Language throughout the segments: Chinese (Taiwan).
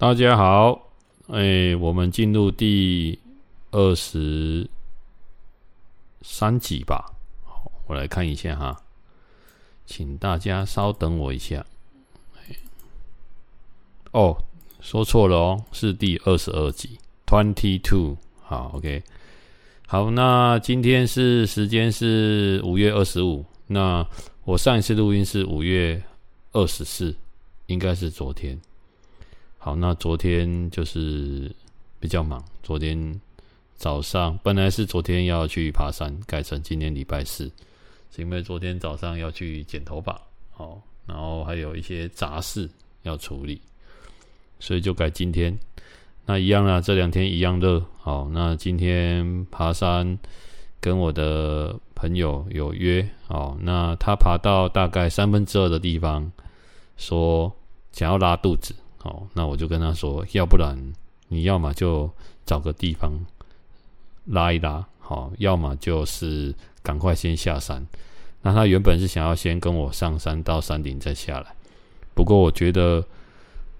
大家好，哎、欸，我們進入第二十三集吧。好，我來看一下哈，請大家稍等我一下。哎，哦，說錯了哦，是第二十二集，twenty two。22，好，OK。好，那今天是時間是五月二十五。那我上一次錄音是五月二十四，應該是昨天。好，那昨天就是比較忙。昨天早上本來是昨天要去爬山，改成今天禮拜四，是因為昨天早上要去剪頭髮，哦，然後還有一些雜事要處理，所以就改今天。那一樣啊，這兩天一樣熱。好，哦，那今天爬山跟我的朋友有約，好，哦，那他爬到大概三分之二的地方，說想要拉肚子。哦，那我就跟他說，要不然你要麼就找個地方拉一拉，好，要麼就是趕快先下山。那他原本是想要先跟我上山到山頂再下來，不過我覺得，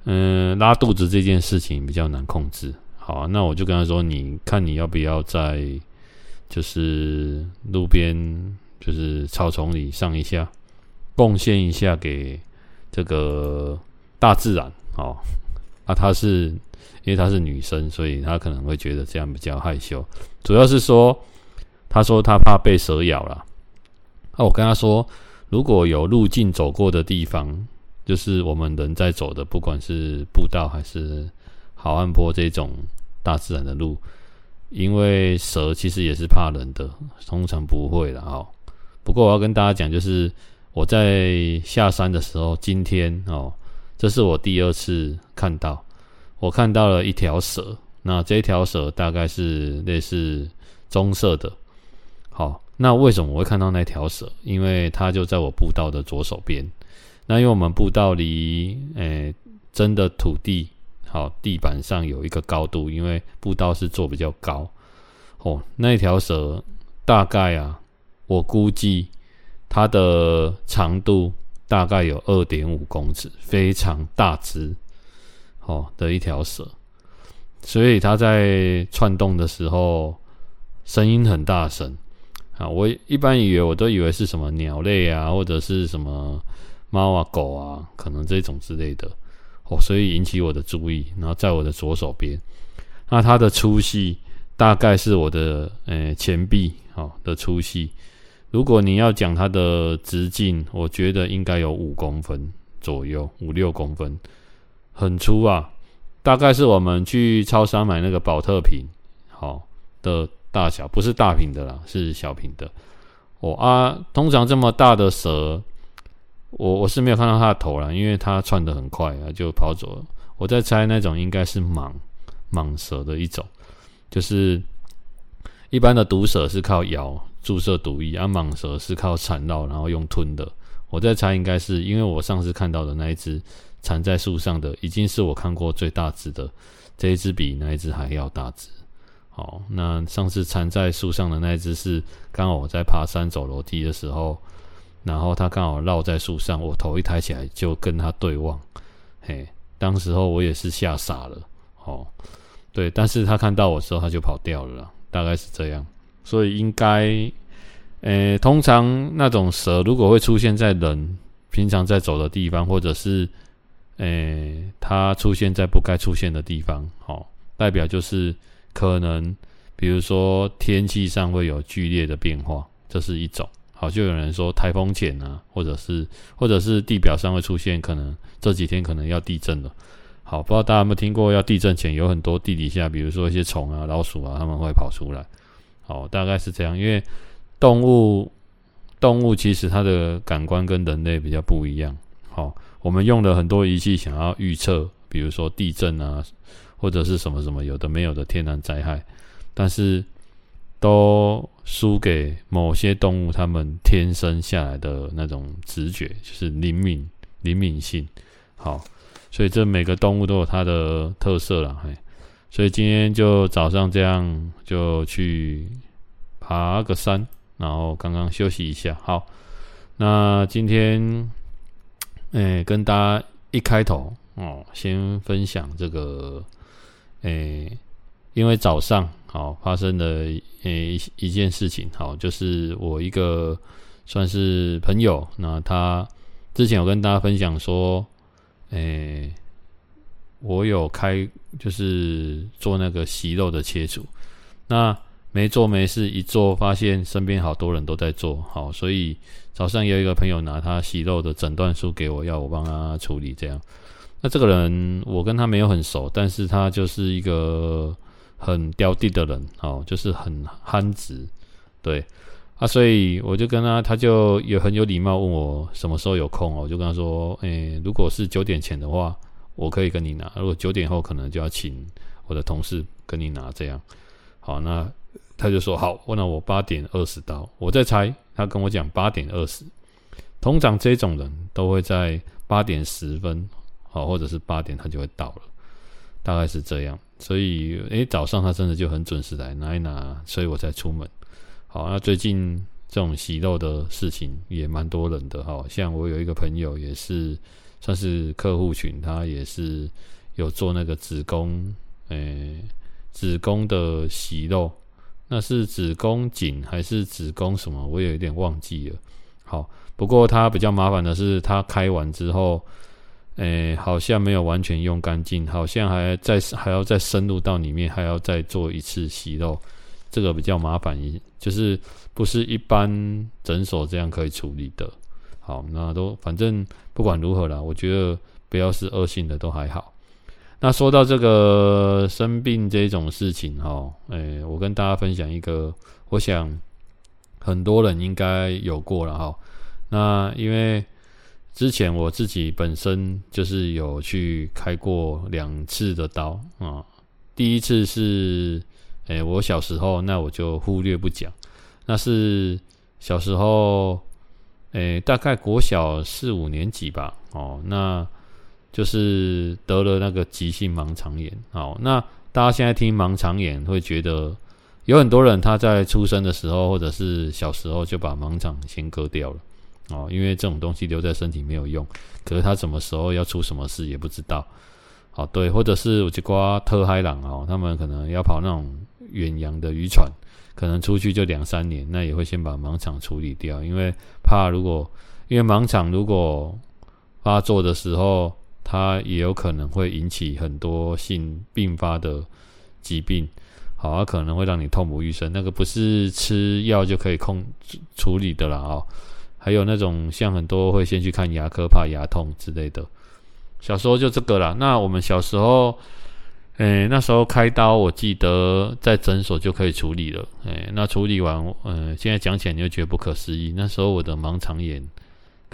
嗯、呃，拉肚子這件事情比較難控制。好，那我就跟他說，你看你要不要在就是路邊就是草叢裡上一下，貢獻一下給這個大自然。哦，那、啊、她是因為她是女生，所以她可能會覺得這樣比較害羞。主要是說，她說她怕被蛇咬了。那、啊、我跟她說，如果有路徑走過的地方，就是我們人在走的，不管是步道還是好漢坡這種大自然的路，因為蛇其實也是怕人的，通常不會的哦。不過我要跟大家講，就是我在下山的時候，今天哦。這是我第二次看到，我看到了一條蛇。那這條蛇大概是類似棕色的。好，那為什麼我會看到那條蛇？因為它就在我步道的左手邊。那因為我們步道離誒、欸、真的土地，好，地板上有一個高度，因為步道是做比較高。哦，那條蛇大概啊，我估計它的長度。大概有二點五公尺，非常大隻，好、哦、的一條蛇，所以它在竄動的時候聲音很大聲啊！我一般以為我都以為是什麼鳥類啊，或者是什麼貓啊、狗啊，可能這種之類的哦，所以引起我的注意。然後在我的左手邊，那它的粗細大概是我的誒前臂哦，的粗細。如果你要講它的直徑，我覺得應該有五公分左右，五六公分，很粗啊。大概是我們去超商買那個寶特瓶，好，的大小不是大瓶的啦，是小瓶的。哦啊，通常這麼大的蛇，我我是沒有看到它的頭啦，因為它竄的很快啊，就跑走了。我在猜那種應該是蟒蟒蛇的一種，就是。一般的毒蛇是靠咬注射毒液，而、啊、蟒蛇是靠纏繞，然後用吞的。我在猜，應該是因為我上次看到的那一隻纏在樹上的，已經是我看過最大隻的。這一隻比那一隻還要大隻。好、哦，那上次纏在樹上的那一隻是剛好我在爬山走樓梯的時候，然後它剛好繞在樹上，我頭一抬起來就跟它對望。嘿，當時候我也是嚇傻了。哦，對，但是它看到我之後，它就跑掉了啦。大概是這樣，所以應該，呃、欸，通常那種蛇如果會出現在人平常在走的地方，或者是，呃、欸，它出現在不該出現的地方，哦，代表就是可能，比如說天氣上會有劇烈的變化，這是一種，好，就有人說台風前啊，或者是，或者是地表上會出現可能這幾天可能要地震了。好，不知道大家有沒有聽過，要地震前有很多地底下，比如說一些蟲啊、老鼠啊，他們會跑出來。哦，大概是這樣，因為動物動物其實它的感官跟人類比較不一樣。哦，我們用了很多儀器想要預測，比如說地震啊，或者是什麼什麼有的沒有的天然災害，但是都輸給某些動物它們天生下來的那種直覺，就是靈敏靈敏性。好。所以這每個動物都有它的特色啦，嘿。所以今天就早上這樣，就去爬個山，然後剛剛休息一下。好，那今天，誒、欸，跟大家一開頭哦，先分享這個，誒、欸，因為早上好發生的、欸、一一件事情，好，就是我一個算是朋友，那他之前有跟大家分享說。誒、欸，我有開就是做那個息肉的切除，那沒做沒事，一做發現身邊好多人都在做，好，所以早上有一個朋友拿他息肉的診斷書給我要，要我幫他處理這樣。那這個人我跟他沒有很熟，但是他就是一個很刁地的人哦，就是很憨直，對。啊，所以我就跟他，他就也很有禮貌問我什麼時候有空哦。我就跟他說，誒、欸，如果是九點前的話，我可以跟你拿；如果九點後，可能就要請我的同事跟你拿。這樣。好，那他就說好，問了我八點二十到，我在猜，他跟我講八點二十。通常這種人都會在八點十分，好，或者是八點，他就會到了，大概是這樣。所以，誒、欸，早上他真的就很準時來拿一拿，所以我才出門。好，那最近這種息肉的事情也蠻多人的哈。像我有一個朋友，也是算是客戶群，他也是有做那個子宮，誒、欸，子宮的息肉，那是子宮頸還是子宮什麼？我也有一點忘記了。好，不過他比較麻煩的是，他開完之後，誒、欸，好像沒有完全用乾淨，好像還在還要再深入到裡面，還要再做一次息肉。這個比較麻煩，一就是不是一般診所這樣可以處理的。好，那都反正不管如何啦，我覺得不要是惡性的都還好。那說到這個生病這種事情哦，哎，我跟大家分享一個，我想很多人應該有過了哈。那因為之前我自己本身就是有去開過兩次的刀啊，第一次是。誒，我小時候那我就忽略不講，那是小時候，誒，大概國小四五年級吧，哦，那就是得了那個急性盲腸炎，哦，那大家現在聽盲腸炎會覺得，有很多人他在出生的時候或者是小時候就把盲腸先割掉了，哦，因為這種東西留在身體沒有用，可是他什麼時候要出什麼事也不知道，哦，對，或者是我就刮特嗨朗哦，他們可能要跑那種。遠洋的漁船可能出去就兩三年，那也會先把盲腸處理掉，因為怕如果因為盲腸如果發作的時候，它也有可能會引起很多性併發的疾病，好，它、啊、可能會讓你痛不欲生，那個不是吃藥就可以控處理的了啊、哦。還有那種像很多會先去看牙科，怕牙痛之類的。小時候就這個啦。那我們小時候。哎、欸，那時候開刀，我記得在診所就可以處理了。欸，那處理完，呃，現在講起來你就覺得不可思議。那時候我的盲腸炎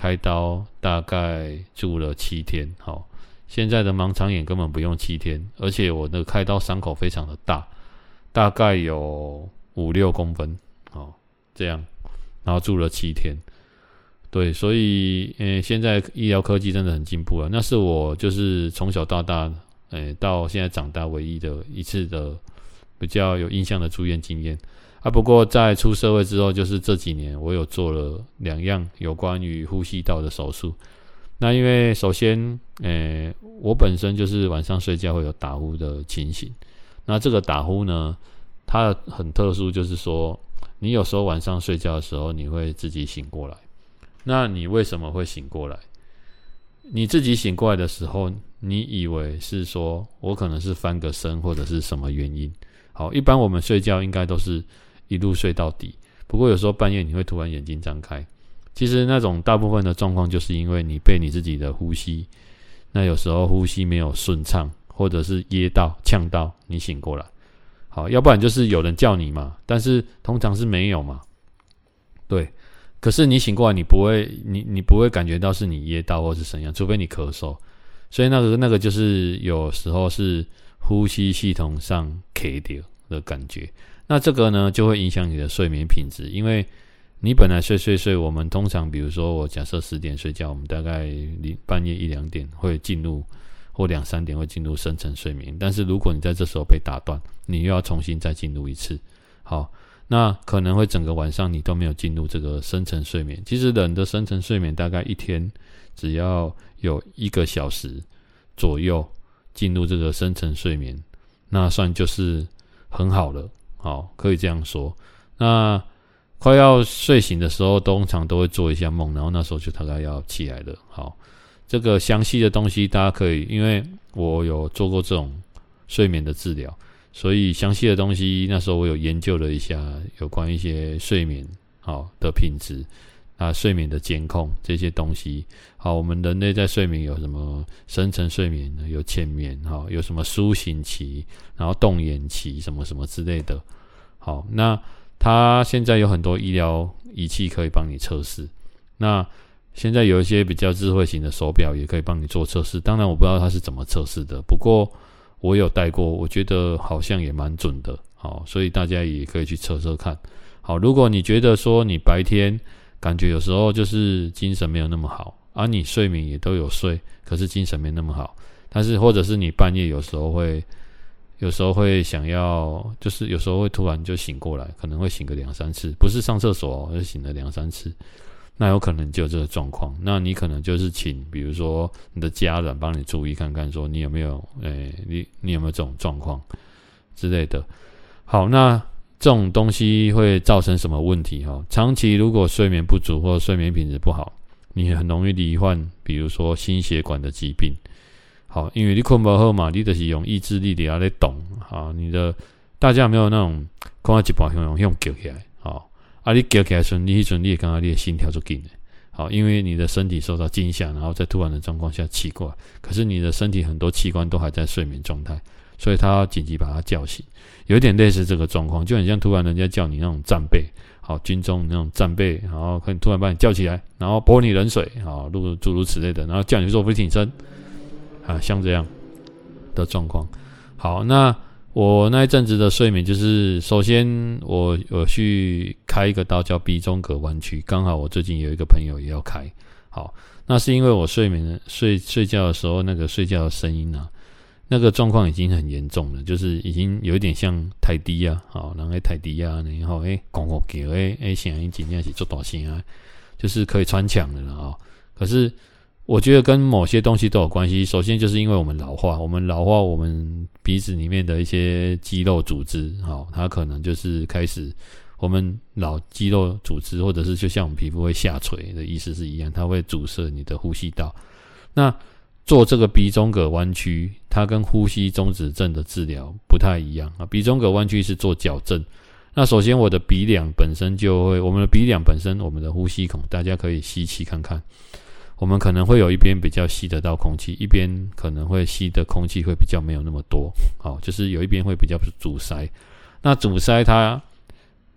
開刀大概住了七天，哦，現在的盲腸炎根本不用七天，而且我的開刀傷口非常的大，大概有五六公分，哦，這樣，然後住了七天。對，所以，欸，現在醫療科技真的很進步了。那是我就是從小到大誒、哎，到現在長大唯一的一次的比較有印象的住院經驗啊。不過在出社會之後，就是這幾年我有做了兩樣有關於呼吸道的手術。那因為首先，誒、哎，我本身就是晚上睡覺會有打呼的情形。那這個打呼呢，它很特殊，就是說你有時候晚上睡覺的時候，你會自己醒過來。那你為什麼會醒過來？你自己醒過來的時候，你以為是說我可能是翻個身或者是什麼原因？好，一般我們睡覺應該都是一路睡到底。不過有時候半夜你會突然眼睛張開，其實那種大部分的狀況就是因為你被你自己的呼吸，那有時候呼吸沒有順暢，或者是噎到嗆到，你醒過來。好，要不然就是有人叫你嘛，但是通常是沒有嘛。對，可是你醒過來，你不會，你你不會感覺到是你噎到或是怎樣，除非你咳嗽。所以那個那個就是有時候是呼吸系統上卡到的感覺，那這個呢就會影響你的睡眠品質，因為你本來睡睡睡，我們通常比如說我假設十點睡覺，我們大概你半夜一兩點會進入或兩三點會進入深層睡眠，但是如果你在這時候被打斷，你又要重新再進入一次，好，那可能會整個晚上你都沒有進入這個深層睡眠。其實人的深層睡眠大概一天，只要有一個小時左右進入這個深層睡眠，那算就是很好了，好，可以這樣說。那快要睡醒的時候，通常，常都會做一下夢，然後那時候就大概要起來了。好，這個詳細的東西大家可以，因為我有做過這種睡眠的治療，所以詳細的東西那時候我有研究了一下有關一些睡眠好，的品質。啊，睡眠的監控這些東西，好，我們人類在睡眠有什麼深層睡眠，有淺眠，哈，有什麼甦醒期，然後動眼期，什麼什麼之類的。好，那它現在有很多醫療儀器可以幫你測試。那現在有一些比較智慧型的手錶也可以幫你做測試。當然，我不知道它是怎麼測試的，不過我有戴過，我覺得好像也蠻準的。好，所以大家也可以去測測看。好，如果你覺得說你白天感覺有時候就是精神沒有那麼好，啊，而你睡眠也都有睡，可是精神沒那麼好。但是或者是你半夜有時候會，有時候會想要，就是有時候會突然就醒過來，可能會醒個兩三次，不是上廁所，哦，而醒了兩三次，那有可能就這個狀況。那你可能就是請，比如說你的家人幫你注意看看，說你有沒有，誒，你你有沒有這種狀況之類的。好，那。這種東西會造成什麼問題？哈，長期如果睡眠不足或睡眠品質不好，你很容易罹患，比如說心血管的疾病。好，因為你困不好嘛，你就是用意志力的來懂。好，你的大家有沒有那種困到一半，想用用叫起來？好，啊你，你叫起來，順利順利，剛剛你，你的心跳就緊了。好，因為你的身體受到驚嚇，然後在突然的狀況下起過來，可是你的身體很多器官都還在睡眠狀態。所以他緊急把他叫醒，有點類似這個狀況，就很像突然人家叫你那種戰備，好，軍中那種戰備，然後突然把你叫起來，然後潑你冷水，好，如諸如此類的，然後叫你做俯臥撐，啊，像這樣的狀況。好，那我那一陣子的睡眠就是，首先我我去開一個刀叫鼻中隔彎曲，剛好我最近有一個朋友也要開，好，那是因為我睡眠睡睡覺的時候那個睡覺的聲音呢、啊。那個狀況已經很嚴重了，就是已經有一點像泰迪呀，好、哦，然後泰迪呀，然後哎，拱拱橋，哎哎，心音盡一是做大心啊，就是可以穿牆的了啊、哦。可是我覺得跟某些東西都有關係。首先就是因為我們老化，我們老化，我們鼻子裡面的一些肌肉組織，好、哦，它可能就是開始我們老肌肉組織，或者是就像我們皮膚會下垂的意思是一樣，它會阻塞你的呼吸道。那做這個鼻中隔彎曲，它跟呼吸中止症的治療不太一樣啊。鼻中隔彎曲是做矯正。那首先，我的鼻樑本身就會，我們的鼻樑本身，我們的呼吸孔，大家可以吸氣看看，我們可能會有一邊比較吸得到空氣，一邊可能會吸的空氣會比較沒有那麼多。好，就是有一邊會比較阻塞。那阻塞它。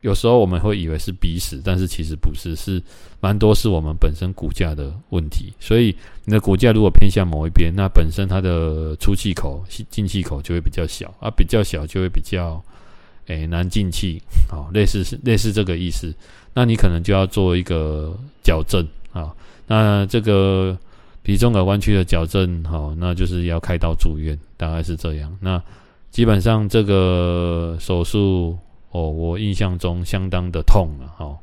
有時候我們會以為是鼻屎，但是其實不是，是蠻多是我們本身骨架的問題。所以你的骨架如果偏向某一邊，那本身它的出氣口、進氣口就會比較小啊，比較小就會比較誒、欸、難進氣啊，類似是類似這個意思。那你可能就要做一個矯正啊、哦，那這個鼻中隔彎曲的矯正，好、哦，那就是要開刀住院，大概是這樣。那基本上這個手術。哦，我印象中相當的痛了、啊、哈、哦。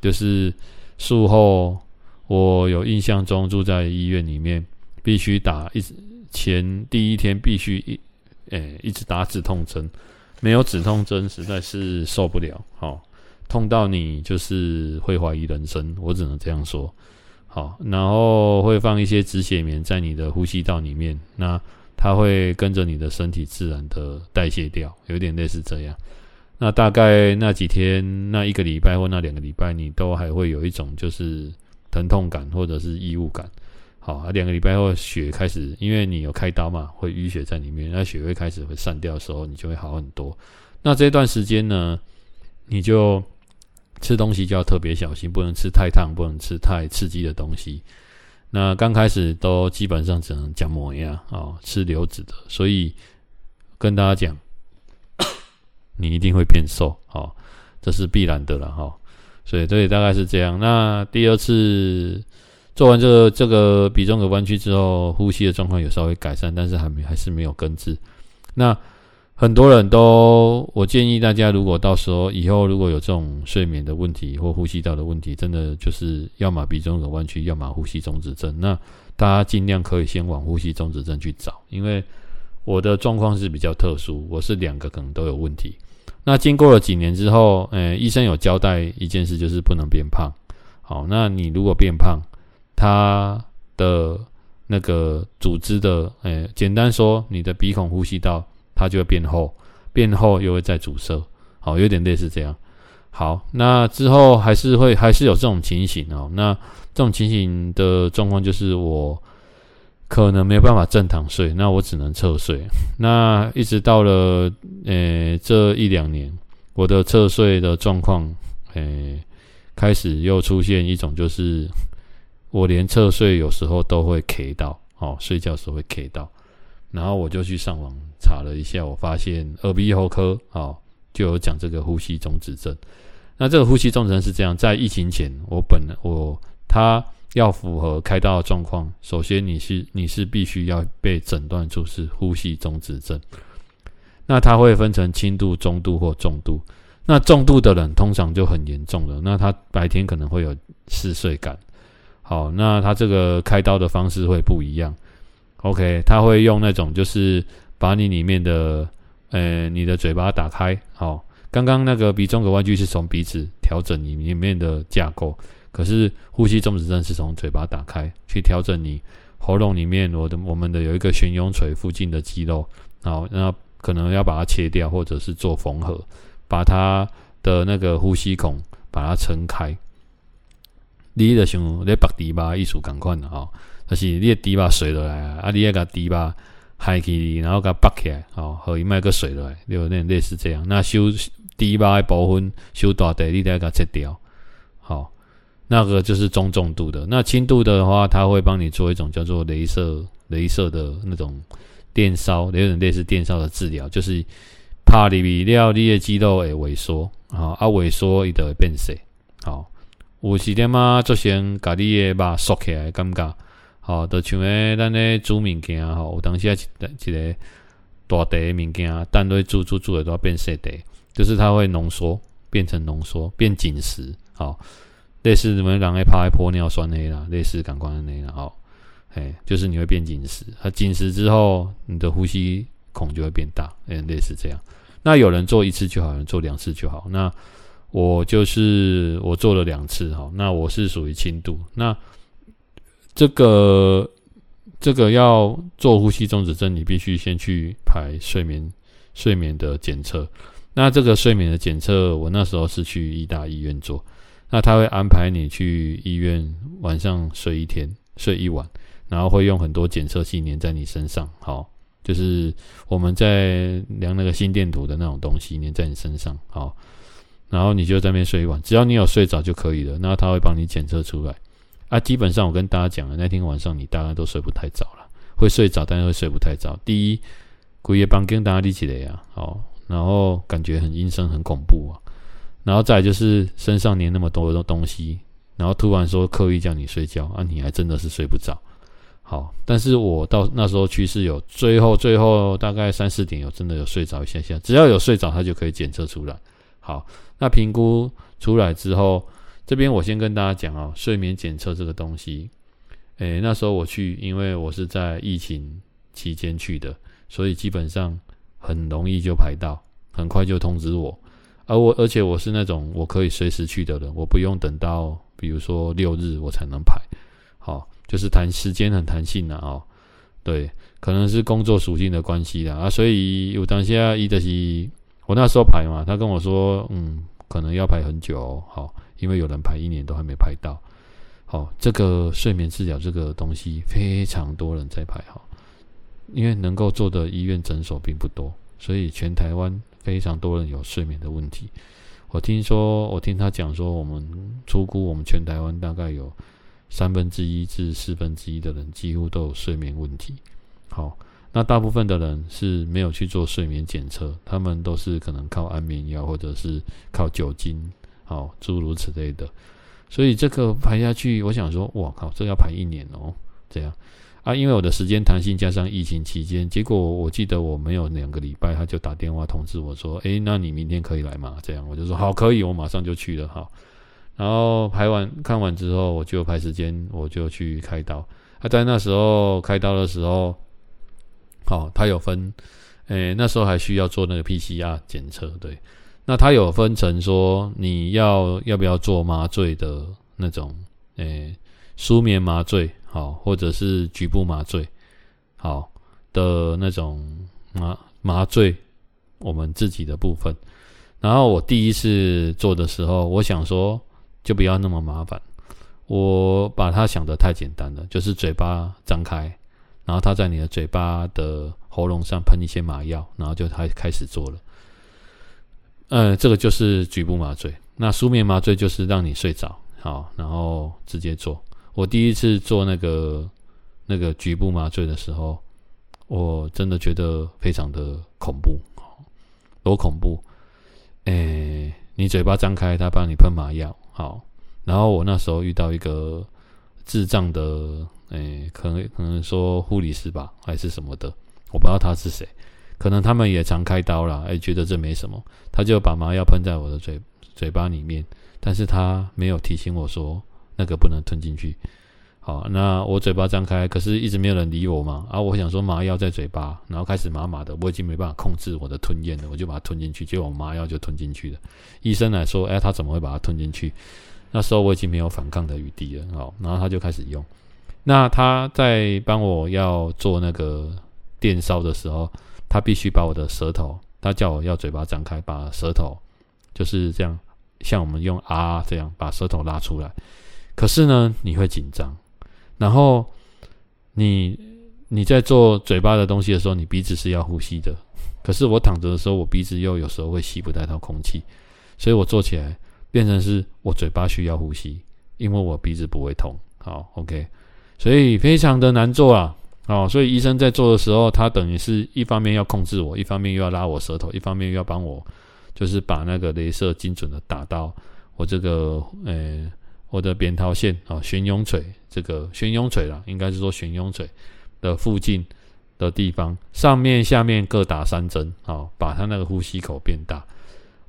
就是術後，我有印象中住在醫院裡面，必須打一前第一天必須一誒、欸，一直打止痛針，沒有止痛針實在是受不了，好、哦、痛到你就是會懷疑人生，我只能這樣說。好、哦，然後會放一些止血棉在你的呼吸道裡面，那它會跟着你的身體自然的代謝掉，有點類似這樣。那大概那幾天，那一個禮拜或那兩個禮拜，你都還會有一種就是疼痛感或者是異物感。好，啊，兩個禮拜後血開始，因為你有開刀嘛，會淤血在裡面，那血會開始會散掉的時候，你就會好很多。那這段時間呢，你就吃東西就要特別小心，不能吃太燙，不能吃太刺激的東西。那剛開始都基本上只能講模一樣啊、哦，吃流質的。所以跟大家講。你一定會變瘦，好、哦，這是必然的了哈、哦。所以這裡大概是這樣。那第二次做完這個這個鼻中隔彎曲之後，呼吸的狀況有稍微改善，但是還沒還是沒有根治。那很多人都，我建議大家，如果到時候以後如果有這種睡眠的問題或呼吸道的問題，真的就是要麼鼻中隔彎曲，要麼呼吸中止症。那大家盡量可以先往呼吸中止症去找，因為我的狀況是比較特殊，我是兩個梗都有問題。那經過了幾年之後，呃、欸，醫生有交代一件事，就是不能變胖。好，那你如果變胖，他的那個組織的，呃、欸，簡單說，你的鼻孔呼吸道它就會變厚，變厚又會再阻塞。好，有點類似這樣。好，那之後還是會還是有這種情形哦。那這種情形的狀況就是我。可能沒有辦法正躺睡，那我只能側睡。那一直到了呃、欸、這一兩年，我的側睡的狀況，呃、欸、開始又出現一種，就是我連側睡有時候都會咳到哦，睡覺時候會咳到。然後我就去上網查了一下，我發現耳鼻喉科、哦、就有講這個呼吸中止症。那這個呼吸中止症是這樣，在疫情前，我本我他。要符合開刀的狀況，首先你是你是必須要被診斷出是呼吸中止症。那它會分成輕度、中度或重度。那重度的人通常就很嚴重了。那他白天可能會有嗜睡感。好，那他這個開刀的方式會不一樣。OK，他會用那種就是把你裡面的呃、欸、你的嘴巴打開。好，剛剛那個鼻中隔彎曲是從鼻子調整你裡面的架構。可是呼吸中止症是從嘴巴打開去調整你喉嚨裡面，我的我們的有一個懸雍垂附近的肌肉，好，那可能要把它切掉，或者是做縫合，把它的那個呼吸孔把它撐開。第一的胸，你拔堤巴意思感款的吼，但、哦就是你堤巴水落來啊，你個堤巴海去，然後個拔起來，好、哦，後伊賣個水落來，就類類似這樣。那修堤巴一部分修大的，你得個切掉。那個就是中重，重度的。那輕度的話，它會幫你做一種叫做“雷射”、“雷射”的那種電燒，有點類似電燒的治療，就是怕你料你的肌肉會萎縮啊，啊萎縮伊就會變色。好，有時點嘛做先把你的肉縮起來的感覺，好，都像咱的豬麵筋啊，有當時一個一個大大的麵筋，但你煮煮煮了都要變色的，就是它會濃縮，變成濃縮，變緊實，好。類似什麼兩類排尿尿酸 A 啦，類似感官 A 啦，好，哎，就是你會變緊實，它緊實之後，你的呼吸孔就會變大，哎，類似這樣。那有人做一次就好，有人做兩次就好。那我就是我做了兩次哈，那我是屬於輕度。那這個這個要做呼吸中止症，你必須先去排睡眠睡眠的檢測。那這個睡眠的檢測，我那時候是去醫大醫院做。那他會安排你去醫院，晚上睡一天，睡一晚，然後會用很多檢測器粘在你身上，好，就是我們在量那個心電圖的那種東西粘在你身上，好，然後你就在那邊睡一晚，只要你有睡着就可以了。那他會幫你檢測出來。啊，基本上我跟大家講了，那天晚上你大概都睡不太著了，會睡着，但是會睡不太著。第一，孤夜幫跟大家立起來啊，好，然後感覺很陰森，很恐怖啊。然後再就是身上粘那麼多的東西，然後突然說刻意叫你睡覺，啊，你還真的是睡不着。好，但是我到那時候趨勢有最後最後大概三四點有真的有睡着一下下，只要有睡着，他就可以檢測出來。好，那評估出來之後，這邊我先跟大家講哦，睡眠檢測這個東西。誒，那時候我去，因為我是在疫情期間去的，所以基本上很容易就排到，很快就通知我。而、啊、我，而且我是那種我可以隨時去的人，我不用等到，比如說六日我才能排，好、哦，就是彈時間很彈性的哦。對，可能是工作屬性的關係啦。啊，所以有當下伊德西，我那時候排嘛，他跟我說，嗯，可能要排很久，哦，因為有人排一年都還沒排到，好、哦，這個睡眠治療這個東西非常多人在排，好、哦，因為能夠做的醫院診所並不多，所以全台灣。非常多人有睡眠的問題，我聽說，我聽他講說，我們粗估我們全台灣大概有三分之一至四分之一的人幾乎都有睡眠問題。好，那大部分的人是沒有去做睡眠檢測，他們都是可能靠安眠藥或者是靠酒精，好，諸如此類的。所以這個排下去，我想說，哇靠，這要排一年哦，這樣。啊，因為我的時間彈性加上疫情期間，結果我記得我沒有兩個禮拜，他就打電話通知我說：“誒，那你明天可以來嗎？”這樣我就說：“好，可以，我馬上就去了。”好，然後排完看完之後，我就排時間，我就去開刀。他、啊、在那時候開刀的時候，好、哦，他有分，誒，那時候還需要做那個 PCR 檢測，對。那他有分成說，你要要不要做麻醉的那種，誒，舒眠麻醉。好，或者是局部麻醉，好的那種麻麻醉，我們自己的部分。然後我第一次做的時候，我想說就不要那麼麻煩，我把它想得太簡單了，就是嘴巴張開，然後他在你的嘴巴的喉嚨上噴一些麻藥，然後就開開始做了。嗯、呃，這個就是局部麻醉。那舒眠麻醉就是讓你睡着，好，然後直接做。我第一次做那個那個局部麻醉的時候，我真的覺得非常的恐怖，多恐怖！哎，你嘴巴張開，他幫你噴麻藥，好。然後我那時候遇到一個智障的，哎，可能可能說護理師吧，還是什麼的，我不知道他是誰，可能他們也常開刀啦，哎，覺得這沒什麼，他就把麻藥噴在我的嘴嘴巴裡面，但是他沒有提醒我說。那個不能吞進去，好，那我嘴巴張開，可是一直沒有人理我嘛。啊，我想說麻藥在嘴巴，然後開始麻麻的，我已經沒辦法控制我的吞嚥了，我就把它吞進去，結果我麻藥就吞進去了。醫生來說，哎、欸，他怎麼會把它吞進去？那時候我已經沒有反抗的餘地了，好，然後他就開始用。那他在幫我要做那個電燒的時候，他必須把我的舌頭，他叫我要嘴巴張開，把舌頭就是這樣，像我們用啊這樣，把舌頭拉出來。可是呢，你會緊張，然後你你在做嘴巴的東西的時候，你鼻子是要呼吸的。可是我躺着的時候，我鼻子又有時候會吸不太到空氣，所以我做起來變成是我嘴巴需要呼吸，因為我鼻子不會痛。好，OK，所以非常的難做啊。好，所以醫生在做的時候，他等於是一方面要控制我，一方面又要拉我舌頭，一方面又要幫我，就是把那個雷射精準的打到我這個呃。欸或者扁桃腺啊，懸雍垂這個懸雍垂啦，應該是說懸雍垂的附近的地方，上面、下面各打三針啊，把他那個呼吸口變大。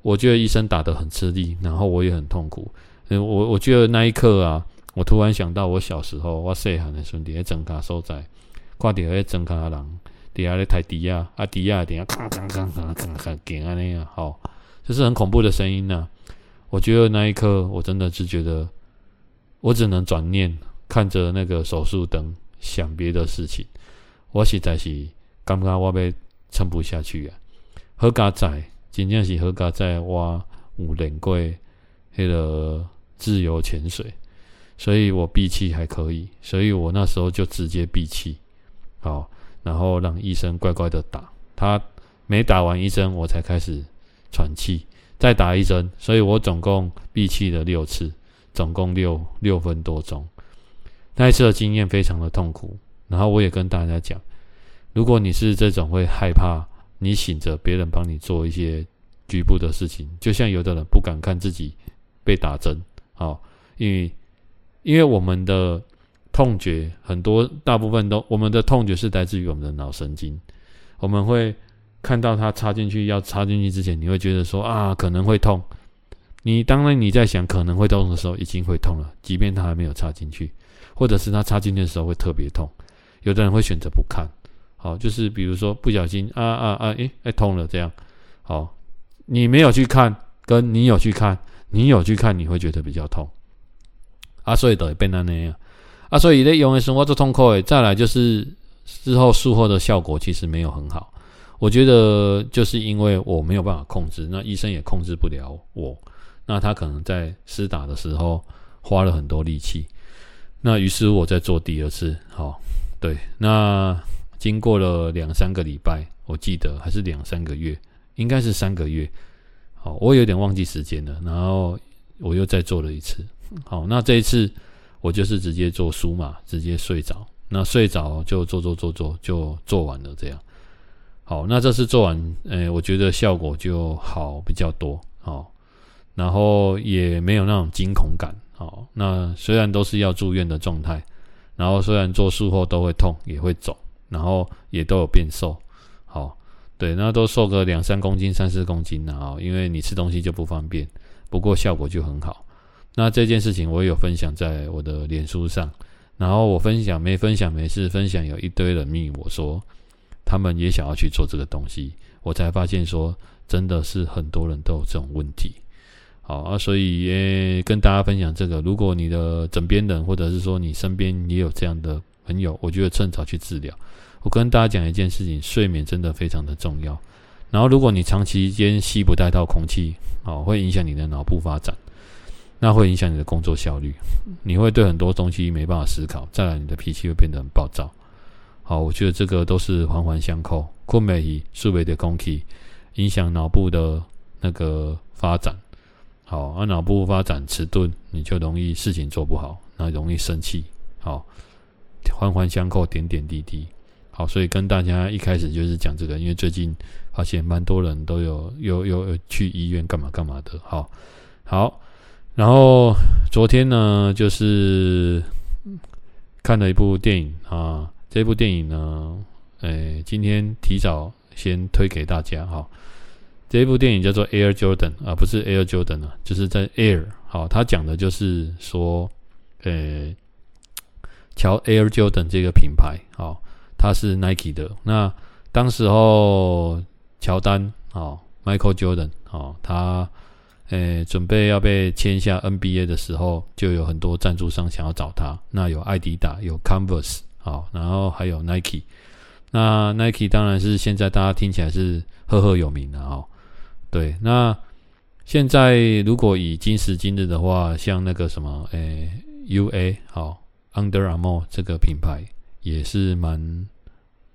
我覺得醫生打得很吃力，然後我也很痛苦。嗯，我我覺得那一刻啊，我突然想到我小時候，哇細漢的兄你在整個收仔，掛底在整個人郎，底下咧抬迪亞阿迪亞，點下咔咔咔咔咔咔，咔咔咔你啊，好，這是很恐怖的聲音吶。我覺得那一刻，我真的是覺得。我只能轉念看着那個手術燈，想別的事情。我實在是剛剛我被撐不下去啊！何家在，真正是何家在，我有練過那個自由潛水，所以我閉氣還可以，所以我那時候就直接閉氣，好，然後讓醫生乖乖的打，他沒打完一針，我才開始喘氣，再打一針，所以我總共閉氣了六次。總共六六分多鐘，那一次的經驗非常的痛苦。然後我也跟大家講，如果你是這種會害怕，你醒着別人幫你做一些局部的事情，就像有的人不敢看自己被打針，哦，因為因為我們的痛覺很多，大部分都我們的痛覺是來自於我們的腦神經。我們會看到它插進去，要插進去之前，你會覺得說啊，可能會痛。你當然你在想可能會痛的時候，已經會痛了，即便他還沒有插進去，或者是他插進去的時候會特別痛。有的人會選擇不看，好，就是比如說不小心啊啊啊，誒，痛了這樣，好，你沒有去看，跟你有去看，你有去看，你會覺得比較痛啊，所以等於變成那樣啊，所以以的永遠生活最痛苦的。再來就是之後術後的效果其實沒有很好，我覺得就是因為我沒有辦法控制，那醫生也控制不了我。那他可能在施打的時候花了很多力氣，那於是我再做第二次，好，對。那經過了兩三個禮拜，我記得還是兩三個月，應該是三個月，好，我有點忘記時間了。然後我又再做了一次，好，那這一次我就是直接做書嘛，直接睡着，那睡着就做做做做，就做完了這樣。好，那這次做完，誒、哎，我覺得效果就好比較多，好。然後也沒有那種驚恐感，好。那雖然都是要住院的狀態，然後雖然做術後都會痛，也會腫，然後也都有變瘦，好，對，那都瘦個兩三公斤，三四公斤了啊！因為你吃東西就不方便，不過效果就很好。那這件事情我有分享在我的臉書上，然後我分享沒分享沒事，分享有一堆人密我說他們也想要去做這個東西，我才發現說真的是很多人都有這種問題。好啊，所以也、欸、跟大家分享這個。如果你的枕邊人，或者是說你身邊也有這樣的朋友，我覺得趁早去治療。我跟大家講一件事情，睡眠真的非常的重要。然後，如果你長期間吸不帶到空氣，好，會影響你的腦部發展，那會影響你的工作效率，你會對很多東西沒辦法思考。再來，你的脾氣會變得很暴躁。好，我覺得這個都是環環相扣，困美以周圍的空氣影響腦部的那個發展。好，按、啊、腦部發展遲鈍，你就容易事情做不好，那容易生氣。好，環環相扣，點點滴滴。好，所以跟大家一開始就是講這個，因為最近發現蠻多人都有，又又，又去醫院幹嘛幹嘛的。好，好，然後昨天呢，就是看了一部電影啊，這部電影呢，哎，今天提早先推給大家哈。好這一部電影叫做 Air Jordan 啊，不是 Air Jordan 啊，就是在 Air 好，哦，它講的就是說，呃、哎，喬 Air Jordan 這個品牌好，哦，它是 Nike 的。那當時候喬丹哦，Michael Jordan 哦，他呃、哎、準備要被簽下 NBA 的時候，就有很多贊助商想要找他。那有愛迪達，有 Converse 啊、哦，然後還有 Nike。那 Nike 當然是現在大家聽起來是赫赫有名的啊。哦對，那現在如果以今時今日的話，像那個什麼，誒，UA 好，Under Armour 這個品牌也是蠻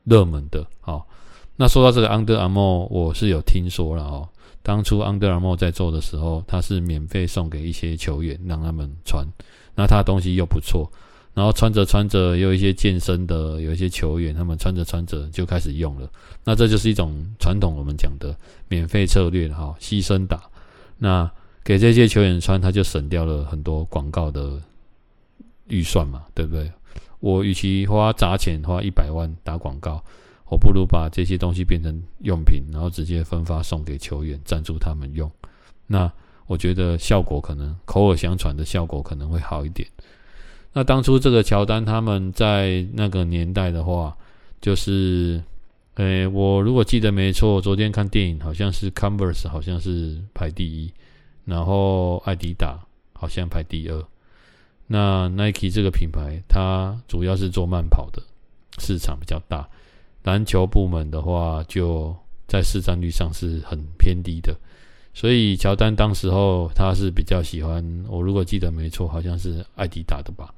熱門的。好，那說到這個 Under Armour，我是有聽說了哦。當初 Under Armour 在做的時候，他是免費送給一些球員讓他們穿，那他的東西又不錯。然後穿着穿着，有一些健身的，有一些球員，他們穿着穿着就開始用了。那這就是一種傳統，我們講的免費策略，哈，犧牲打。那給這些球員穿，他就省掉了很多廣告的預算嘛，對不對？我與其花砸錢花一百萬打廣告，我不如把這些東西變成用品，然後直接分發送給球員贊助他們用。那我覺得效果可能口耳相傳的效果可能會好一點。那當初這個喬丹他們在那個年代的話，就是，誒、欸，我如果記得沒錯，昨天看電影好像是 Converse 好像是排第一，然後艾迪達好像排第二。那 Nike 這個品牌，它主要是做慢跑的，市場比較大，籃球部門的話，就在市佔率上是很偏低的。所以喬丹當時候他是比較喜歡，我如果記得沒錯，好像是艾迪達的吧。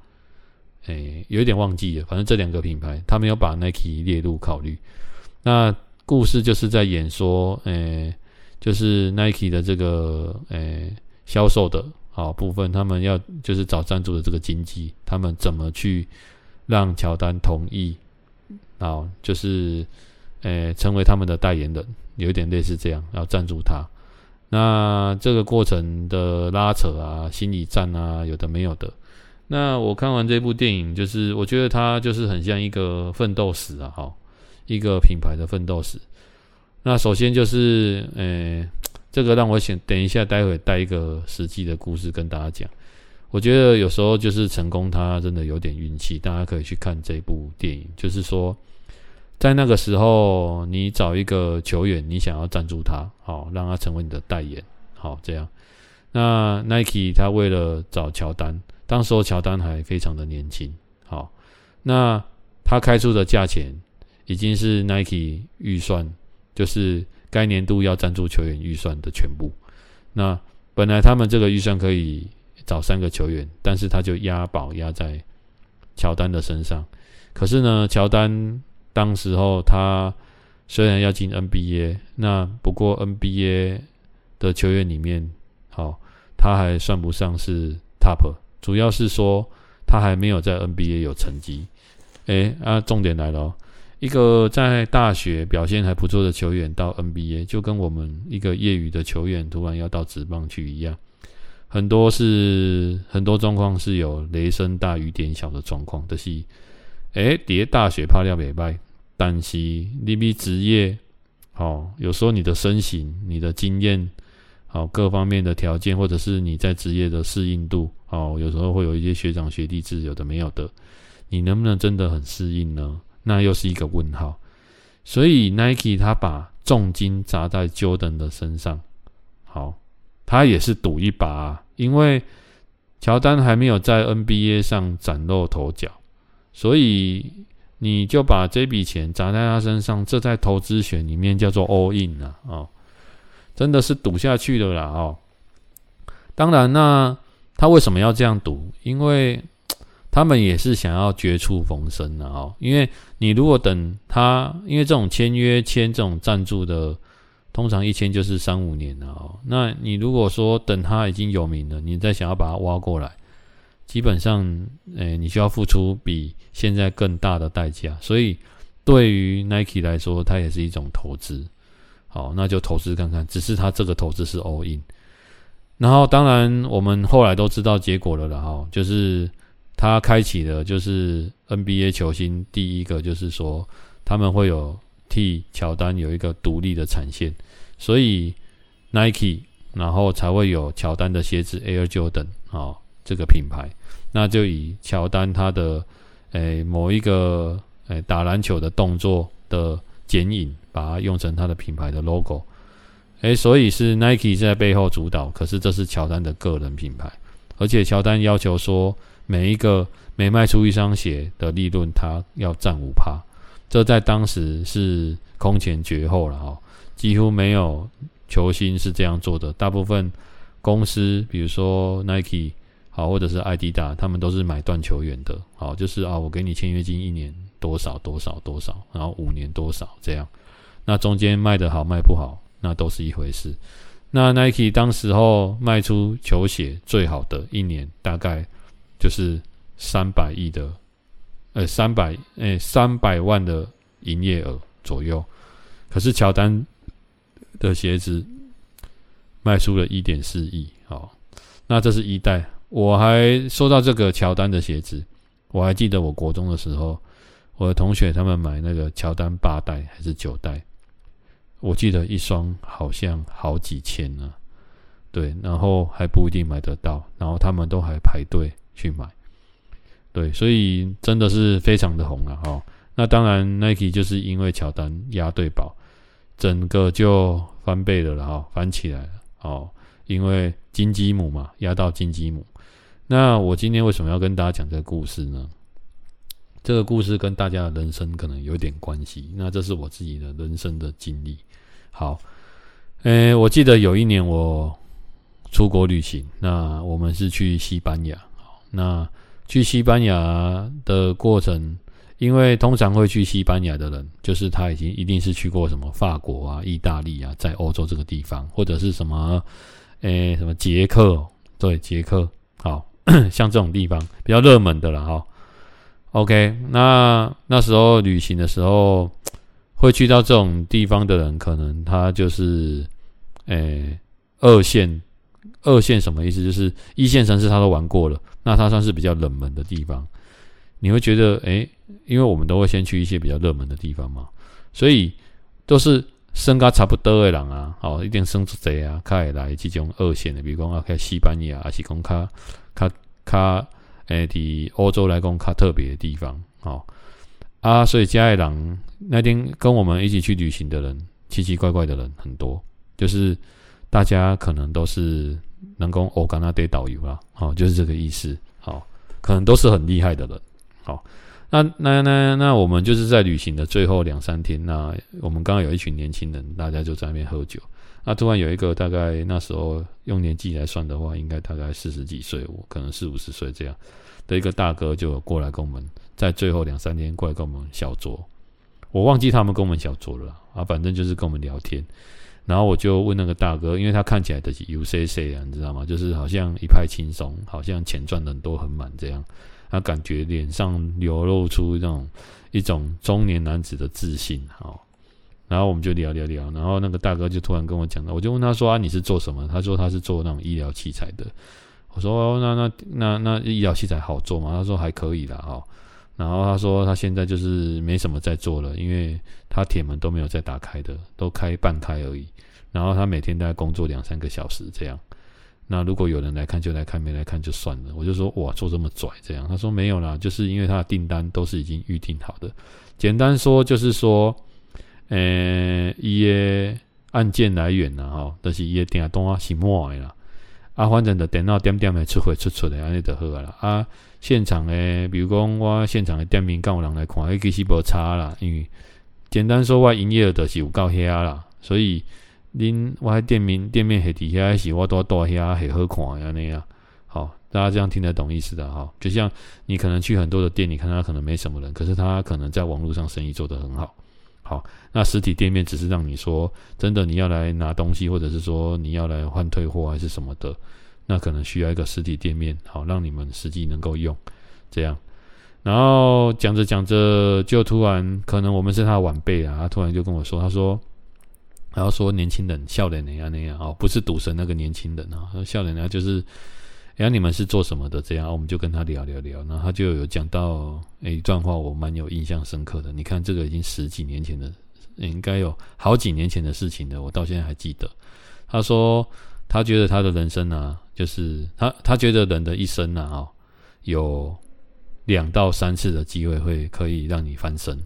誒，有一點忘記了，反正這兩個品牌，他沒有把 Nike 列入考慮。那故事就是在演說，哎，就是 Nike 的這個哎銷售的啊、哦、部分，他們要就是找贊助的這個經濟，他們怎麼去讓喬丹同意，啊、哦，就是哎成為他們的代言人，有一點類似這樣，要贊助他。那這個過程的拉扯啊，心理戰啊，有的沒有的。那我看完這部電影，就是我覺得它就是很像一個奮鬥史啊，好，一個品牌的奮鬥史。那首先就是，呃，這個讓我想，等一下待會帶一個實際的故事跟大家講。我覺得有時候就是成功，它真的有點運氣。大家可以去看這部電影，就是說，在那個時候，你找一個球員，你想要贊助他，好，讓他成為你的代言，好，這樣。那 Nike 他為了找喬丹。當時候喬丹還非常的年輕，好，那他開出的價錢已經是 Nike 預算，就是該年度要贊助球員預算的全部。那本來他們這個預算可以找三個球員，但是他就押寶押在喬丹的身上。可是呢，喬丹當時候他雖然要進 NBA，那不過 NBA 的球員裡面，好，他還算不上是 top。主要是說他還沒有在 NBA 有成績，誒，啊，重點來了，一個在大學表現還不錯的球員到 NBA，就跟我們一個業餘的球員突然要到職棒去一樣，很多是，很多狀況是有雷聲大雨點小的狀況，就是誒，疊大學怕掉北敗，但是你比職業，哦，有時候你的身形、你的經驗。好，各方面的條件，或者是你在職業的適應度，好、哦，有時候會有一些學長學弟制，有的沒有的，你能不能真的很適應呢？那又是一個問號。所以 Nike 他把重金砸在 Jordan 的身上，好，他也是賭一把、啊，因為喬丹還沒有在 NBA 上嶄露頭角，所以你就把這筆錢砸在他身上，這在投資學裡面叫做 all in 啊，哦真的是賭下去的啦哦。當然、啊，那他為什麼要這樣賭？因為他們也是想要絕處逢生了、啊、哦。因為你如果等他，因為這種簽約簽這種贊助的，通常一簽就是三五年了哦。那你如果說等他已經有名了，你再想要把他挖過來，基本上，誒、欸、你需要付出比現在更大的代價。所以，對於 Nike 來說，它也是一種投資。哦，那就投資看看，只是他這個投資是 all in。然後當然我們後來都知道結果了啦，齁就是他開啟了，就是 NBA 球星第一個，就是說他們會有替喬丹有一個獨立的產線，所以 Nike 然後才會有喬丹的鞋子 Air Jordan 啊，這個品牌，那就以喬丹他的誒、欸、某一個誒、欸、打籃球的動作的。剪影，把它用成他的品牌的 logo，誒，所以是 Nike 在背後主導，可是這是喬丹的個人品牌，而且喬丹要求說，每一個每賣出一雙鞋的利潤，他要占五趴，這在當時是空前絕後了哈，幾乎沒有球星是這樣做的，大部分公司，比如說 Nike 好，或者是愛迪達，他們都是買斷球員的，好，就是啊，我給你簽約金一年。多少多少多少，然後五年多少這樣，那中間賣得好賣不好，那都是一回事。那 Nike 當時候賣出球鞋最好的一年，大概就是三百億的，呃，三百誒三百萬的營業額左右。可是喬丹的鞋子賣出了一點四億啊、哦。那這是一代。我還說到這個喬丹的鞋子，我還記得我國中的時候。我的同學他們買那個喬丹八代還是九代，我記得一雙好像好幾千呢、啊，對，然後還不一定買得到，然後他們都還排隊去買，對，所以真的是非常的紅啊！哈，那當然 Nike 就是因為喬丹押對寶，整個就翻倍了了哈、哦，翻起來了，哦，因為金雞母嘛，壓到金雞母。那我今天為什麼要跟大家講這個故事呢？這個故事跟大家的人生可能有點關係，那這是我自己的人生的經歷。好，誒，我記得有一年我出國旅行，那我們是去西班牙。那去西班牙的過程，因為通常會去西班牙的人，就是他已經一定是去過什麼法國啊、意大利啊，在歐洲這個地方，或者是什麼，誒，什麼捷克，對，捷克，好像這種地方比較熱門的啦哈。OK，那那時候旅行的時候，會去到這種地方的人，可能他就是，誒、欸，二線，二線什麼意思？就是一線城市他都玩過了，那他算是比較冷門的地方。你會覺得，誒、欸，因為我們都會先去一些比較熱門的地方嘛，所以都是身高差不多的人啊，哦，一定身高差啊，開始來這種二線的，比如說開西班牙，還是講卡卡卡。哎，去歐、欸、洲來說，卡特別的地方哦，啊，所以加爾朗那天跟我們一起去旅行的人，奇奇怪怪的人很多，就是大家可能都是能夠歐甘那的導遊啦，哦，就是這個意思，好、哦，可能都是很厲害的人，好、哦，那那那那我們就是在旅行的最後兩三天，那我們剛剛有一群年輕人，大家就在那邊喝酒。那、啊、突然有一個大概那時候用年紀來算的話，應該大概四十幾歲，我可能四五十歲這樣的一個大哥就過來跟我們，在最後兩三天過來跟我們小酌。我忘記他們跟我們小酌了啊，反正就是跟我們聊天。然後我就問那個大哥，因為他看起來的 U C C 啊，你知道嗎？就是好像一派輕鬆，好像錢賺的都很多很滿這樣。他感覺臉上流露出那種一種中年男子的自信啊。哦然後我們就聊聊聊，然後那個大哥就突然跟我講了，我就問他說，啊，你是做什麼？他說他是做那種醫療器材的。我說，哦，那那那那醫療器材好做嗎？他說還可以啦，哈，哦。然後他說他現在就是沒什麼在做了，因為他鐵門都沒有再打開的，都開半開而已。然後他每天大概工作兩三個小時這樣。那如果有人來看就來看，沒來看就算了。我就說哇，做這麼拽這樣？他說沒有啦，就是因為他的訂單都是已經預定好的。簡單說就是說。誒，伊個、欸、案件來源吶吼，著、哦就是伊個電話是滿個啦。啊，反正著電腦點點誒出貨出出的安尼著好啊啦。啊，現場誒，比如講我現場的店面名，敢有人來看，迄其實無差啦。因為簡單說，我營業著是有夠遐啦。所以，恁我迄店，店面店面係底下是，我蹛蹛遐係好看安尼啊。吼、哦，大家這樣聽得懂意思的吼、哦，就像你可能去很多的店，你看他可能沒什麼人，可是他可能在網絡上生意做得很好。好，那實體店面只是讓你說真的，你要來拿東西，或者是說你要來換退貨還是什麼的，那可能需要一個實體店面，好讓你們實際能夠用，這樣。然後講着講着，就突然可能我們是他的晚輩啊，他突然就跟我說，他說，然後說年輕人笑臉那樣那樣哦，不是賭神那個年輕人啊，說笑臉啊就是。然後、欸、啊、你們是做什麼的？這樣、啊，我們就跟他聊聊聊。然後他就有講到、欸、一段話，我蠻有印象深刻的。你看，這個已經十幾年前的、欸，應該有好幾年前的事情了，我到現在還記得。他說，他覺得他的人生啊，就是他他覺得人的一生啊，哦、喔，有兩到三次的機會會可以讓你翻身。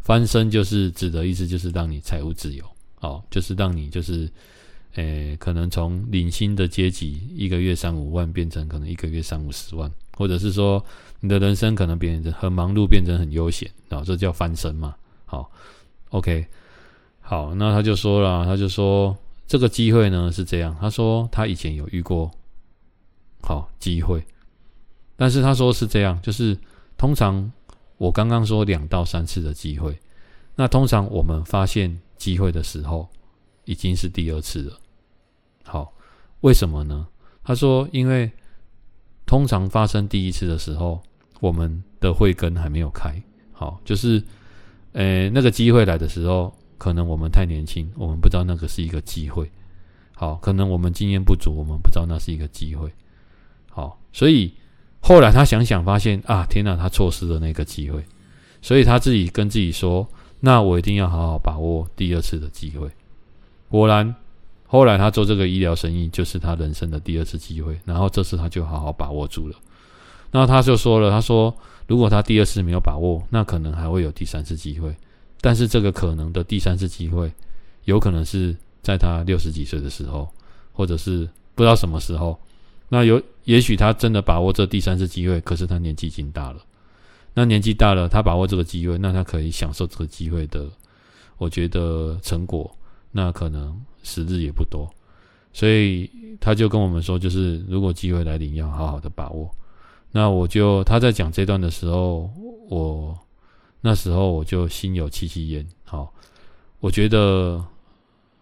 翻身就是指的意思，就是讓你財務自由，哦、喔，就是讓你就是。誒，可能從領薪的階級，一個月三五萬，變成可能一個月三五十萬，或者是說，你的人生可能變得很忙碌，變成很悠閒，然後這叫翻身嘛？好，OK，好，那他就說了，他就說這個機會呢是這樣，他說他以前有遇過好機會，但是他說是這樣，就是通常我剛剛說兩到三次的機會，那通常我們發現機會的時候，已經是第二次了。好，為什麼呢？他說，因為通常發生第一次的時候，我們的慧根還沒有開。好，就是呃、欸，那個機會來的時候，可能我們太年輕，我們不知道那個是一個機會。好，可能我們經驗不足，我們不知道那是一個機會。好，所以後來他想想發現啊，天哪、啊，他錯失了那個機會。所以他自己跟自己說，那我一定要好好把握第二次的機會。果然。後來他做這個醫療生意，就是他人生的第二次機會。然後這次他就好好把握住了。那他就說了：“他說，如果他第二次沒有把握，那可能還會有第三次機會。但是這個可能的第三次機會，有可能是在他六十幾歲的時候，或者是不知道什麼時候。那有，也許他真的把握這第三次機會。可是他年紀已經大了。那年紀大了，他把握這個機會，那他可以享受這個機會的。我覺得成果，那可能。”時日也不多，所以他就跟我們說，就是如果機會來臨，要好好的把握。那我就他在講這段的時候，我那時候我就心有戚戚焉。好，我覺得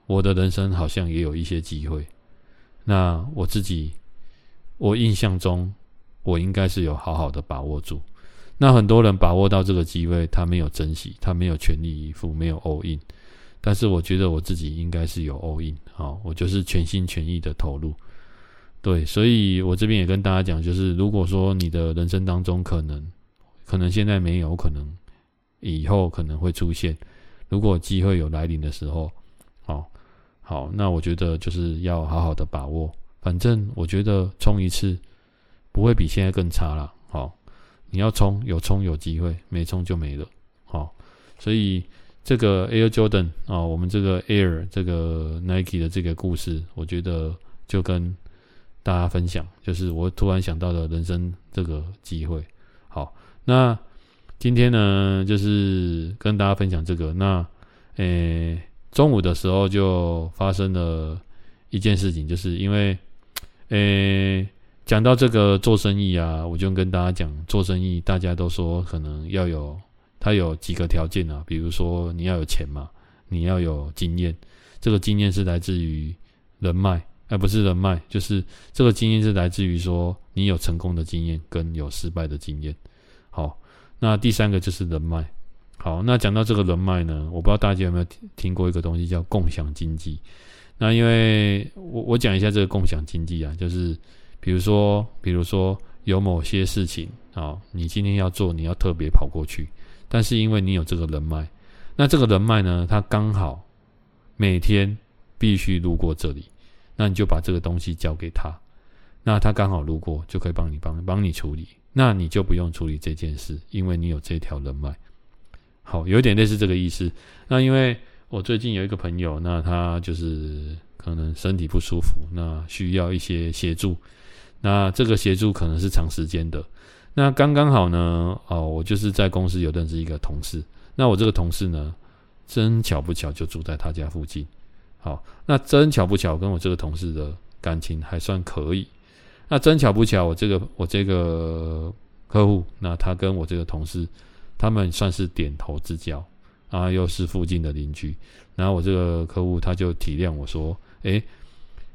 我的人生好像也有一些機會。那我自己，我印象中，我應該是有好好的把握住。那很多人把握到這個機會，他沒有珍惜，他沒有全力以赴，沒有 all in。但是我覺得我自己應該是有 all in 啊，我就是全心全意的投入。對，所以我這邊也跟大家講，就是如果說你的人生當中可能，可能現在沒有，可能以後可能會出現。如果機會有來臨的時候，哦，好，好，那我覺得就是要好好的把握。反正我覺得衝一次不會比現在更差了。哦，你要衝有衝有機會，沒衝就沒了。哦，所以。這個 Air Jordan 啊，哦，我們這個 Air 這個 Nike 的這個故事，我覺得就跟大家分享，就是我突然想到的人生這個機會。好，那今天呢，就是跟大家分享這個。那誒，中午的時候就發生了一件事情，就是因為誒，講到這個做生意啊，我就跟大家講，做生意大家都說可能要有。它有幾個條件啊，比如說你要有錢嘛，你要有經驗。這個經驗是來自於人脈，哎，不是人脈，就是這個經驗是來自於說你有成功的經驗跟有失敗的經驗。好，那第三個就是人脈。好，那講到這個人脈呢，我不知道大家有沒有聽過一個東西叫共享經濟。那因為我我講一下這個共享經濟啊，就是比如說比如說有某些事情啊，你今天要做，你要特別跑過去。但是因為你有這個人脈，那這個人脈呢，他剛好每天必須路過這裡，那你就把這個東西交給他，那他剛好路過就可以幫你幫你幫你處理，那你就不用處理這件事，因為你有這條人脈。好，有一點類似這個意思。那因為我最近有一個朋友，那他就是可能身體不舒服，那需要一些協助，那這個協助可能是長時間的。那剛剛好呢，哦，我就是在公司有認識一個同事，那我這個同事呢，真巧不巧就住在他家附近，好，那真巧不巧跟我這個同事的感情還算可以，那真巧不巧我這個我這個客戶，那他跟我這個同事，他們算是點頭之交，啊，又是附近的鄰居，然後我這個客戶他就體諒我說，誒。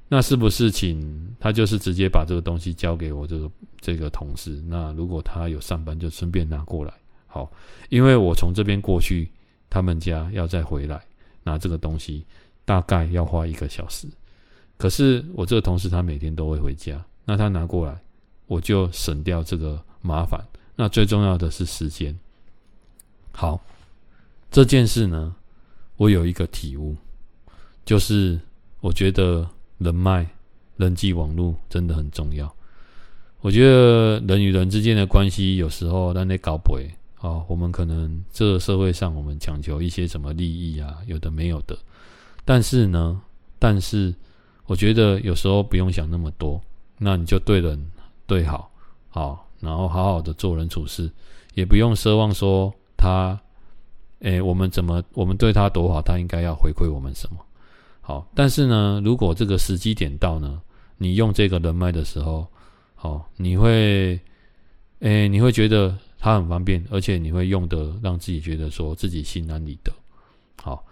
那是不是請他就是直接把這個東西交給我這個這個同事？那如果他有上班，就順便拿過來。好，因為我從這邊過去，他們家要再回來拿這個東西，大概要花一個小時。可是我這個同事他每天都會回家，那他拿過來，我就省掉這個麻煩。那最重要的是時間。好，這件事呢，我有一個體悟，就是我覺得。人脈、人際網絡真的很重要。我覺得人與人之間的關係有時候那得搞不啊，我們可能這個社會上我們講求一些什麼利益啊，有的沒有的。但是呢，但是我覺得有時候不用想那麼多，那你就對人對好，啊，然後好好的做人處事，也不用奢望說他，哎、欸，我們怎麼我們對他多好，他應該要回饋我們什麼。好，但是呢，如果這個時機點到呢，你用這個人脈的時候，好、哦，你會，誒、欸、你會覺得他很方便，而且你會用得讓自己覺得說自己心安理得。好，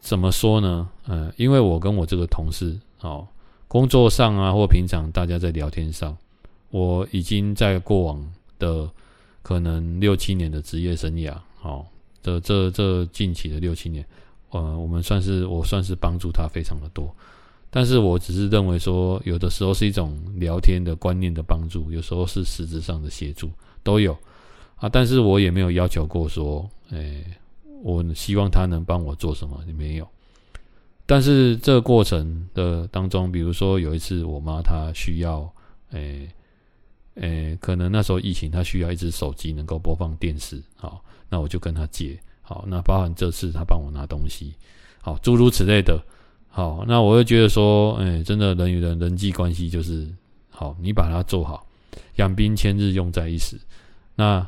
怎麼說呢？嗯，因為我跟我這個同事，哦，工作上啊，或平常大家在聊天上，我已經在過往的可能六七年的職業生涯，哦，這這這近期的六七年。呃，我們算是我算是幫助他非常的多，但是我只是認為說，有的時候是一種聊天的觀念的幫助，有時候是實質上的協助都有啊，但是我也沒有要求過說，哎、欸，我希望他能幫我做什麼，也沒有。但是這個過程的當中，比如說有一次，我媽她需要，哎、欸，哎、欸，可能那時候疫情，她需要一支手機能夠播放電視，好，那我就跟她借。好，那包含這次他幫我拿東西，好，諸如此類的。好，那我會覺得說，哎、欸，真的人與人人際關係就是，好，你把它做好，養兵千日用在一時。那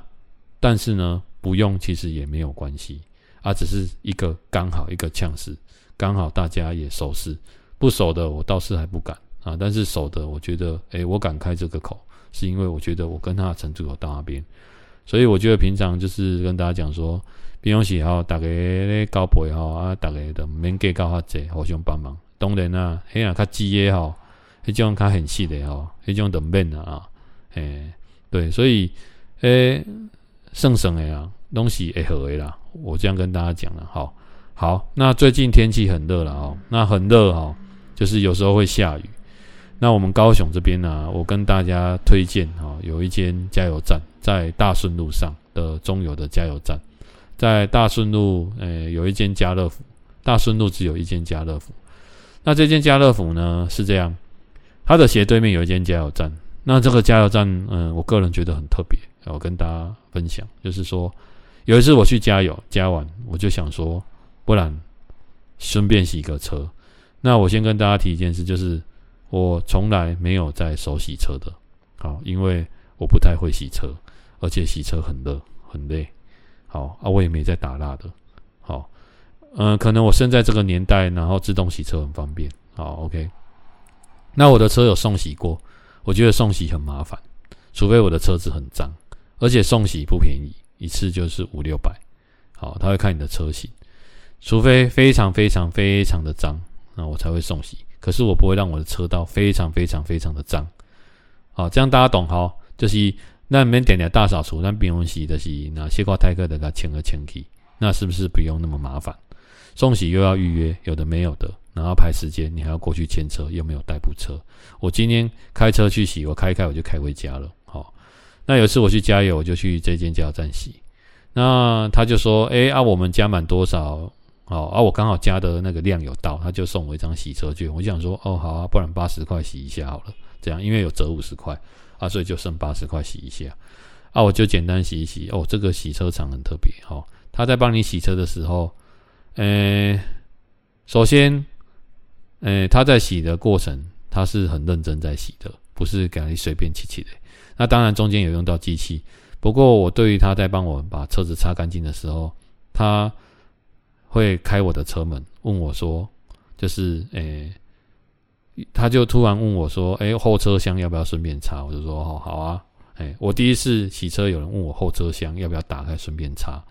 但是呢，不用其實也沒有關係啊，只是一個剛好一個嗆勢，剛好大家也熟識，不熟的我倒是還不敢啊，但是熟的我覺得，哎、欸，我敢開這個口，是因為我覺得我跟他程度有到那邊，所以我覺得平常就是跟大家講說。平常時候、哦，大家咧交配吼，啊，大家都毋免計較赫濟，互相幫忙。當然啊，迄種較節約吼，迄種較現實的吼，迄種都毋免啊。誒，對，所以誒，省、欸、省的啊，東西會好啦。我這樣跟大家講了，好，好。那最近天氣很熱了吼、哦，那很熱吼、哦，就是有時候會下雨。那我們高雄這邊呢、啊，我跟大家推薦吼、啊，有一間加油站，在大順路上的中油的加油站。在大順路，呃、欸，有一間家樂福。大順路只有一間家樂福。那這間家樂福呢，是這樣，它的斜對面有一間加油站。那這個加油站，嗯，我個人覺得很特別，我跟大家分享，就是說，有一次我去加油，加完我就想說，不然順便洗個車。那我先跟大家提一件事，就是我從來沒有在手洗車的，好，因為我不太會洗車，而且洗車很熱，很累。好啊，我也沒在打蠟的。好，嗯、呃，可能我生在這個年代，然後自動洗車很方便。好，OK。那我的車有送洗過，我覺得送洗很麻煩，除非我的車子很髒，而且送洗不便宜，一次就是五六百。好，他會看你的車型，除非非常非常非常的髒，那我才會送洗。可是我不會讓我的車到非常非常非常的髒。好，這樣大家懂哈，就是。那免點點大掃除，那不用洗的、就是、洗，那謝掛泰克的他請個請去，那是不是不用那麼麻煩？送洗又要預約，有的沒有的，然後排時間，你還要過去牽車，又沒有代步車。我今天開車去洗，我開一開我就開回家了。好、哦，那有一次我去加油，我就去這間加油站洗，那他就說：“哎、欸、啊，我們加滿多少？哦，啊，我剛好加的那個量有到，他就送我一張洗車券。我就想說：哦，好啊，不然八十塊洗一下好了。這樣，因為有折五十塊。”啊、所以就剩八十塊洗一下，啊，我就簡單洗一洗。哦，這個洗車廠很特別哦。他在幫你洗車的時候，呃、欸，首先，呃、欸，他在洗的過程，他是很認真在洗的，不是給你隨便洗洗的。那當然中間有用到機器，不過我對於他在幫我把車子擦乾淨的時候，他會開我的車門，問我說，就是，誒、欸。他就突然問我說：“欸，後車廂要不要順便擦？”我就說：“好啊。”欸，我第一次洗車，有人問我後車廂要不要打開順便擦。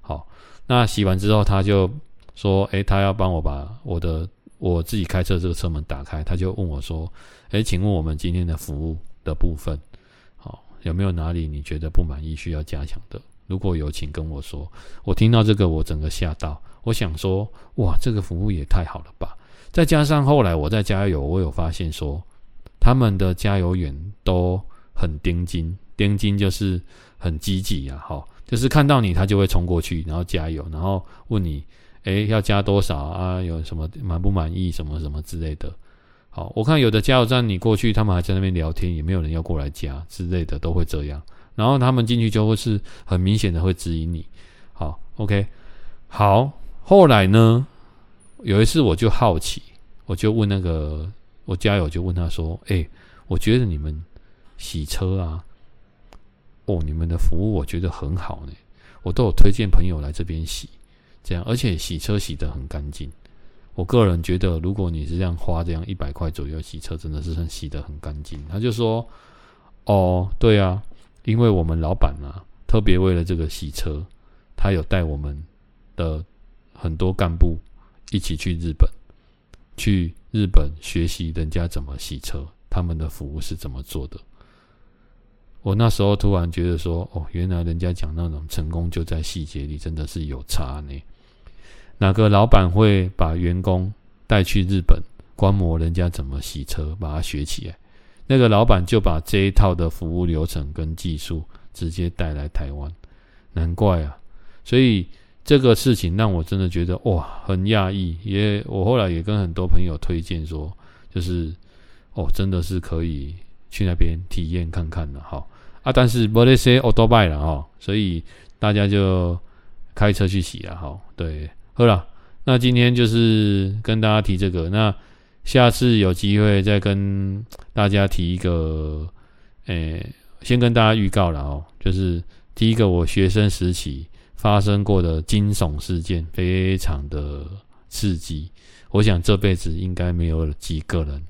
好，那洗完之後，他就說：“欸，他要幫我把我的我自己開車這個車門打開。”他就問我說：“欸，請問我們今天的服務的部分，好，有沒有哪裡你覺得不滿意，需要加強的？如果有，請跟我說。”我聽到這個，我整個嚇到，我想說：“哇，這個服務也太好了吧！”再加上後來我在加油，我有發現說，他們的加油員都很盯金，盯金就是很積極啊，好，就是看到你他就會衝過去，然後加油，然後問你，哎，要加多少啊？有什麼滿不滿意？什麼什麼之類的。好，我看有的加油站你過去，他們還在那邊聊天，也沒有人要過來加之類的，都會這樣。然後他們進去就會是很明顯的會指引你。好，OK，好，後來呢？有一次，我就好奇，我就問那個我家友，就問他說：“哎、欸，我覺得你們洗車啊，哦，你們的服務我覺得很好呢，我都有推薦朋友來這邊洗，這樣而且洗車洗得很乾淨。我個人覺得，如果你是這樣花這樣一百塊左右洗車，真的是很洗得很乾淨。”他就說：“哦，對啊，因為我們老板啊，特別為了這個洗車，他有帶我們的很多幹部。”一起去日本，去日本學習人家怎麼洗車，他們的服務是怎麼做的。我那時候突然覺得說，哦，原來人家講那種成功就在細節裡，真的是有差呢。哪個老闆會把員工帶去日本觀摩人家怎麼洗車，把它學起來？那個老闆就把這一套的服務流程跟技術直接帶來台灣，難怪啊，所以。這個事情讓我真的覺得哇，很訝異。也我後來也跟很多朋友推薦說，就是哦，真的是可以去那邊體驗看看的哈。啊，但是莫那些歐多拜了哈，所以大家就開車去洗了哈，哦。對，好啦，那今天就是跟大家提這個。那下次有機會再跟大家提一個，誒，先跟大家預告了哦，就是第一個我學生時期。發生過的驚悚事件，非常的刺激。我想這輩子應該沒有幾個人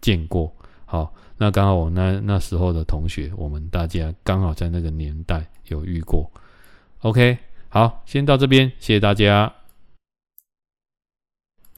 見過。好，那剛好我那那時候的同學，我們大家剛好在那個年代有遇過。OK，好，先到這邊，謝謝大家。